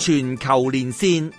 全球連線，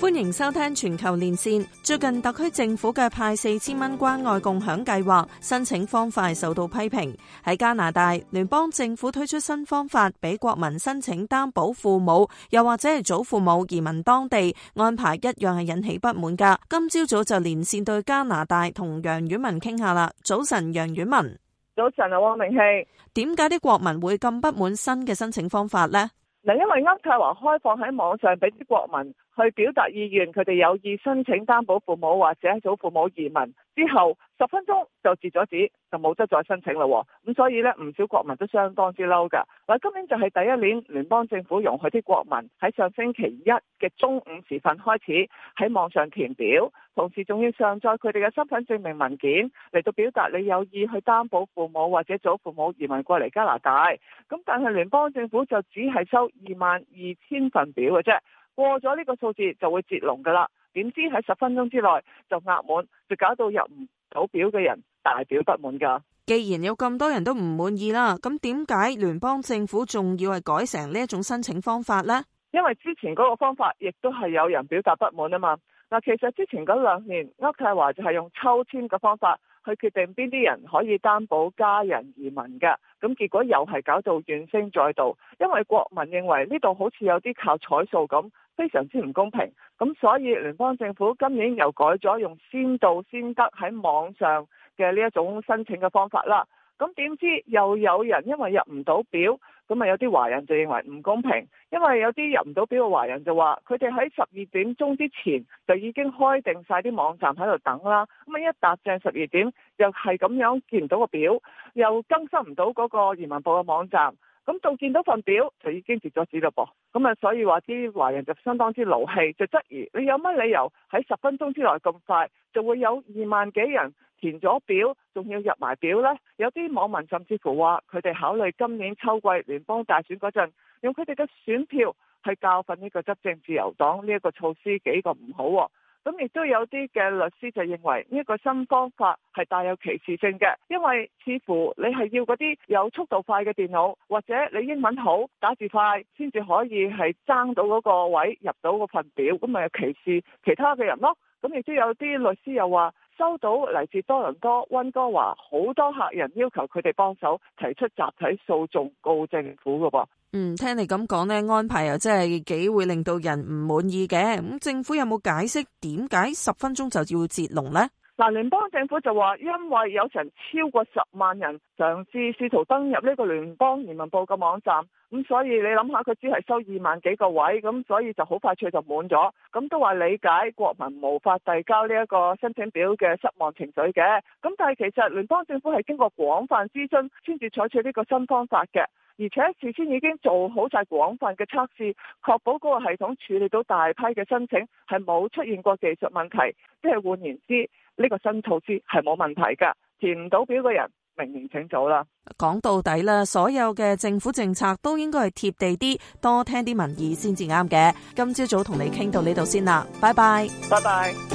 歡迎收聽全球連線。最近特區政府嘅派四千蚊，關愛共享計劃申請方法受到批評。喺加拿大，聯邦政府推出新方法，俾國民申請擔保父母，又或者係祖父母移民當地，安排一樣係引起不滿噶。今朝早就連線對加拿大同楊婉文傾下啦。早晨，楊婉文。早晨啊，汪溟曦，點解啲國民會咁不滿新嘅申請方法咧？嗱，因為渥太華開放喺網上俾啲國民去表達意願，佢哋有意申請擔保父母或者祖父母移民之後，十分鐘就截咗止，就冇得再申請啦。咁所以呢，唔少國民都相當之嬲噶。嗱，今年就係第一年，聯邦政府容許啲國民喺上星期一嘅中午時分開始喺網上填表，同時仲要上載佢哋嘅身份證明文件嚟，到表達你有意去擔保父母或者祖父母移民過嚟加拿大。咁但係聯邦政府就只係收二萬二千份表嘅啫。過咗呢個數字，就會截龍噶啦，點知喺十分鐘之內就額滿，就搞到入唔到表嘅人大表不滿噶。既然有咁多人都唔滿意啦，咁點解聯邦政府仲要係改成呢一種申請方法呢？因為之前嗰個方法亦都係有人表達不滿啊嘛。嗱，其實之前嗰兩年，渥太華就係用抽籤嘅方法，去決定邊啲人可以擔保家人移民嘅，咁結果又係搞到怨聲載道，因為國民認為呢度好似有啲靠彩數咁，非常之唔公平，咁所以聯邦政府今年又改咗用先到先得喺網上嘅呢一種申請嘅方法啦。咁點知又有人因為入唔到表，咁啊有啲華人就認為唔公平，因為有啲入唔到表嘅華人就話，佢哋喺十二點鐘之前就已經開定晒啲網站喺度等啦，咁啊一踏正十二點又係咁樣見唔到個表，又更新唔到嗰個移民部嘅網站。咁、嗯、到見到份表就已經截咗止嘞噃，咁、嗯、啊所以話啲華人就相當之勞氣，就質疑你有乜理由喺十分鐘之內咁快就會有二萬幾人填咗表，仲要入埋表呢？有啲網民甚至乎話佢哋考慮今年秋季聯邦大選嗰陣，用佢哋嘅選票去教訓呢個執政自由黨呢一、呢個措施幾咁唔好、啊。咁亦都有啲嘅律師就認為呢個新方法係帶有歧視性嘅，因為似乎你係要嗰啲有速度快嘅電腦，或者你英文好打字快，先至可以係爭到嗰個位入到嗰份表，咁咪有歧視其他嘅人咯。咁亦都有啲律師又話收到嚟自多倫多、溫哥華好多客人要求佢哋幫手提出集體訴訟告政府嘅噃。嗯，聽你咁講咧，安排又真係幾會令到人唔滿意嘅。咁、嗯、政府有冇解釋點解十分鐘就要截龍咧？嗱，聯邦政府就話，因為有成超過十萬人嘗試試圖登入呢個聯邦移民部嘅網站，咁所以你諗下，佢只係收二萬幾個位，咁所以就好快脆就滿咗。咁都話理解國民無法遞交呢一個申請表嘅失望情緒嘅。咁但係其實聯邦政府係經過廣泛諮詢先至採取呢個新方法嘅，而且事先已經做好晒廣泛嘅測試，確保嗰個系統處理到大批嘅申請，係冇出現過技術問題，即係換言之。呢個新措施係冇問題噶，填唔到表嘅人明年請早啦。講到底啦，所有嘅政府政策都應該係貼地啲，多聽啲民意先至啱嘅。今朝早同你傾到呢度先啦，拜拜，拜拜。